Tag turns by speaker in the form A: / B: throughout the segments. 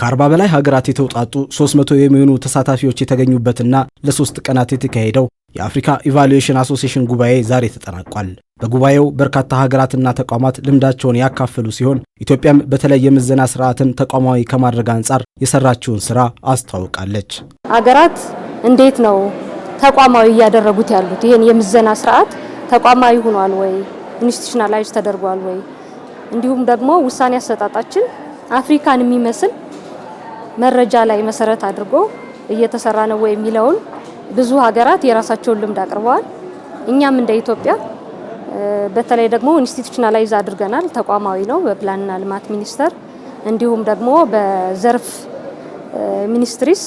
A: ከአርባ በላይ ሀገራት የተውጣጡ 300 የሚሆኑ ተሳታፊዎች የተገኙበትና ለሶስት ቀናት የተካሄደው የአፍሪካ ኢቫሉዌሽን አሶሲሽን ጉባኤ ዛሬ ተጠናቋል። በጉባኤው በርካታ ሀገራትና ተቋማት ልምዳቸውን ያካፈሉ ሲሆን ኢትዮጵያም በተለይ የምዘና ስርዓትን ተቋማዊ ከማድረግ አንጻር የሰራችውን ስራ አስታውቃለች።
B: ሀገራት እንዴት ነው ተቋማዊ እያደረጉት ያሉት? ይህን የምዘና ስርዓት ተቋማዊ ሆኗል ወይ? ኢንስቲቱሽናላይዝ ተደርጓል ወይ? እንዲሁም ደግሞ ውሳኔ አሰጣጣችን አፍሪካን የሚመስል መረጃ ላይ መሰረት አድርጎ እየተሰራ ነው ወይ የሚለውን ብዙ ሀገራት የራሳቸውን ልምድ አቅርበዋል። እኛም እንደ ኢትዮጵያ በተለይ ደግሞ ኢንስቲቱሽናላይዝ አድርገናል። ተቋማዊ ነው በፕላንና ልማት ሚኒስቴር እንዲሁም ደግሞ በዘርፍ ሚኒስትሪስ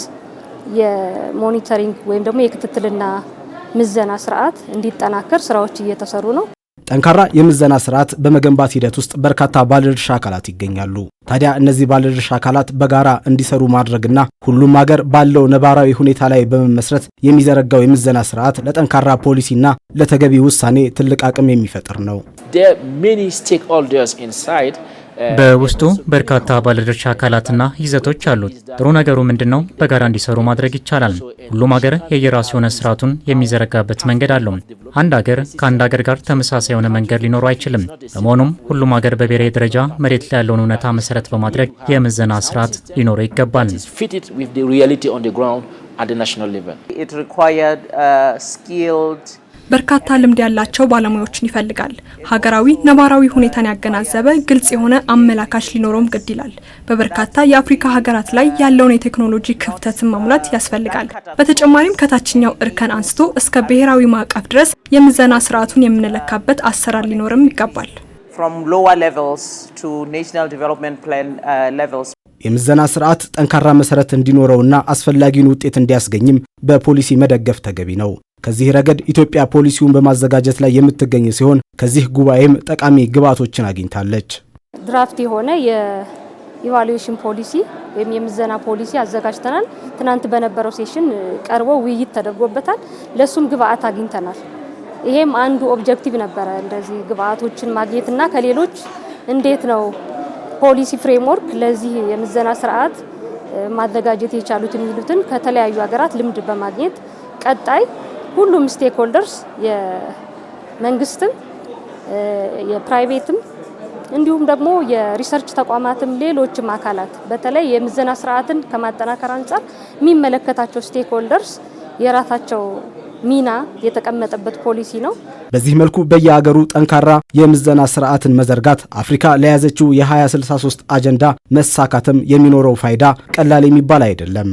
B: የሞኒተሪንግ ወይም ደግሞ የክትትልና ምዘና ስርዓት እንዲጠናከር ስራዎች እየተሰሩ ነው።
A: ጠንካራ የምዘና ስርዓት በመገንባት ሂደት ውስጥ በርካታ ባለድርሻ አካላት ይገኛሉ። ታዲያ እነዚህ ባለድርሻ አካላት በጋራ እንዲሰሩ ማድረግና ሁሉም ሀገር ባለው ነባራዊ ሁኔታ ላይ በመመስረት የሚዘረጋው የምዘና ስርዓት ለጠንካራ ፖሊሲና ለተገቢ ውሳኔ ትልቅ አቅም የሚፈጥር ነው።
C: በውስጡ በርካታ ባለድርሻ አካላትና ይዘቶች አሉት። ጥሩ ነገሩ ምንድነው? በጋራ እንዲሰሩ ማድረግ ይቻላል። ሁሉም ሀገር የየራሱ የሆነ ስርዓቱን የሚዘረጋበት መንገድ አለው። አንድ ሀገር ከአንድ ሀገር ጋር ተመሳሳይ የሆነ መንገድ ሊኖሩ አይችልም። በመሆኑም ሁሉም ሀገር በብሔራዊ ደረጃ መሬት ላይ ያለውን እውነታ መሰረት በማድረግ የምዘና ስርዓት ሊኖረው ይገባል።
D: በርካታ ልምድ ያላቸው ባለሙያዎችን ይፈልጋል። ሀገራዊ ነባራዊ ሁኔታን ያገናዘበ ግልጽ የሆነ አመላካች ሊኖረውም ግድ ይላል። በበርካታ የአፍሪካ ሀገራት ላይ ያለውን የቴክኖሎጂ ክፍተትን መሙላት ያስፈልጋል። በተጨማሪም ከታችኛው እርከን አንስቶ እስከ ብሔራዊ ማዕቀፍ ድረስ የምዘና ስርዓቱን የምንለካበት አሰራር ሊኖርም ይገባል። uh,
A: የምዘና ስርዓት ጠንካራ መሰረት እንዲኖረውና አስፈላጊውን ውጤት እንዲያስገኝም በፖሊሲ መደገፍ ተገቢ ነው። ከዚህ ረገድ ኢትዮጵያ ፖሊሲውን በማዘጋጀት ላይ የምትገኝ ሲሆን ከዚህ ጉባኤም ጠቃሚ ግብዓቶችን አግኝታለች።
B: ድራፍት የሆነ የኢቫሉዌሽን ፖሊሲ ወይም የምዘና ፖሊሲ አዘጋጅተናል። ትናንት በነበረው ሴሽን ቀርቦ ውይይት ተደርጎበታል። ለእሱም ግብዓት አግኝተናል። ይሄም አንዱ ኦብጀክቲቭ ነበረ፣ እንደዚህ ግብዓቶችን ማግኘትና ከሌሎች እንዴት ነው ፖሊሲ ፍሬምወርክ ለዚህ የምዘና ስርዓት ማዘጋጀት የቻሉት የሚሉትን ከተለያዩ ሀገራት ልምድ በማግኘት ቀጣይ ሁሉም ስቴክ ሆልደርስ የመንግስትም፣ የፕራይቬትም እንዲሁም ደግሞ የሪሰርች ተቋማትም ሌሎችም አካላት በተለይ የምዘና ስርዓትን ከማጠናከር አንጻር የሚመለከታቸው ስቴክ ሆልደርስ የራሳቸው ሚና የተቀመጠበት ፖሊሲ ነው።
A: በዚህ መልኩ በየአገሩ ጠንካራ የምዘና ስርዓትን መዘርጋት አፍሪካ ለያዘችው የ2063 አጀንዳ መሳካትም የሚኖረው ፋይዳ ቀላል የሚባል አይደለም።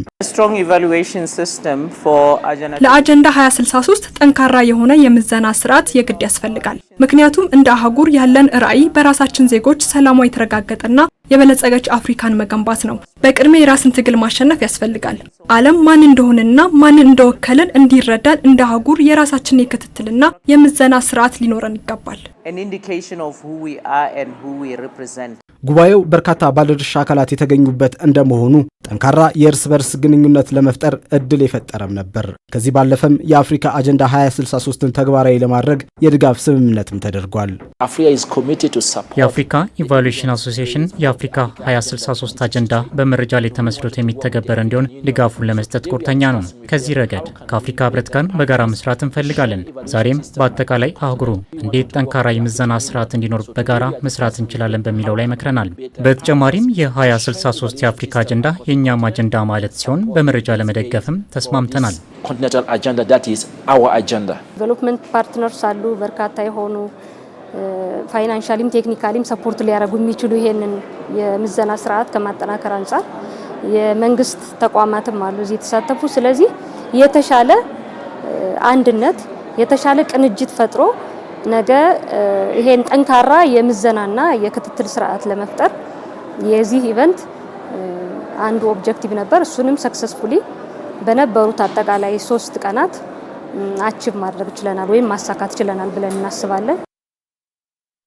D: ለአጀንዳ 2063 ጠንካራ የሆነ የምዘና ስርዓት የግድ ያስፈልጋል። ምክንያቱም እንደ አህጉር ያለን ራዕይ በራሳችን ዜጎች ሰላሟ የተረጋገጠና የበለጸገች አፍሪካን መገንባት ነው። በቅድሚያ የራስን ትግል ማሸነፍ ያስፈልጋል። ዓለም ማን እንደሆነና ማንን እንደወከለን እንዲረዳን እንደ አህጉር የራሳችን የክትትልና የምዘና ስርዓት ሊኖረን ይገባል።
A: ጉባኤው በርካታ ባለድርሻ አካላት የተገኙበት እንደመሆኑ ጠንካራ የእርስ በርስ ግንኙነት ለመፍጠር እድል የፈጠረም ነበር። ከዚህ ባለፈም የአፍሪካ አጀንዳ 2063ን ተግባራዊ ለማድረግ የድጋፍ ስምምነትም ተደርጓል።
C: የአፍሪካ ኢቫሉዌሽን አሶሲሽን የአፍሪካ 2063 አጀንዳ በመረጃ ላይ ተመስርቶ የሚተገበር እንዲሆን ድጋፉን ለመስጠት ቁርጠኛ ነው። ከዚህ ረገድ ከአፍሪካ ህብረት ጋር በጋራ መስራት እንፈልጋለን። ዛሬም በአጠቃላይ አህጉሩ እንዴት ጠንካራ የምዘና ስርዓት እንዲኖር በጋራ መስራት እንችላለን በሚለው ላይ መክረ ተመልክተናል። በተጨማሪም የ2063 የአፍሪካ አጀንዳ የእኛም አጀንዳ ማለት ሲሆን በመረጃ ለመደገፍም ተስማምተናል።
B: ዴቨሎፕመንት ፓርትነርስ አሉ በርካታ የሆኑ ፋይናንሻሊም ቴክኒካሊም ሰፖርት ሊያደርጉ የሚችሉ ይሄንን የምዘና ስርዓት ከማጠናከር አንጻር የመንግስት ተቋማትም አሉ እዚህ የተሳተፉ። ስለዚህ የተሻለ አንድነት የተሻለ ቅንጅት ፈጥሮ ነገ ይሄን ጠንካራ የምዘናና የክትትል ስርዓት ለመፍጠር የዚህ ኢቨንት አንዱ ኦብጀክቲቭ ነበር። እሱንም ሰክሰስፉሊ በነበሩት አጠቃላይ ሶስት ቀናት አቺቭ ማድረግ ችለናል ወይም ማሳካት ችለናል ብለን እናስባለን።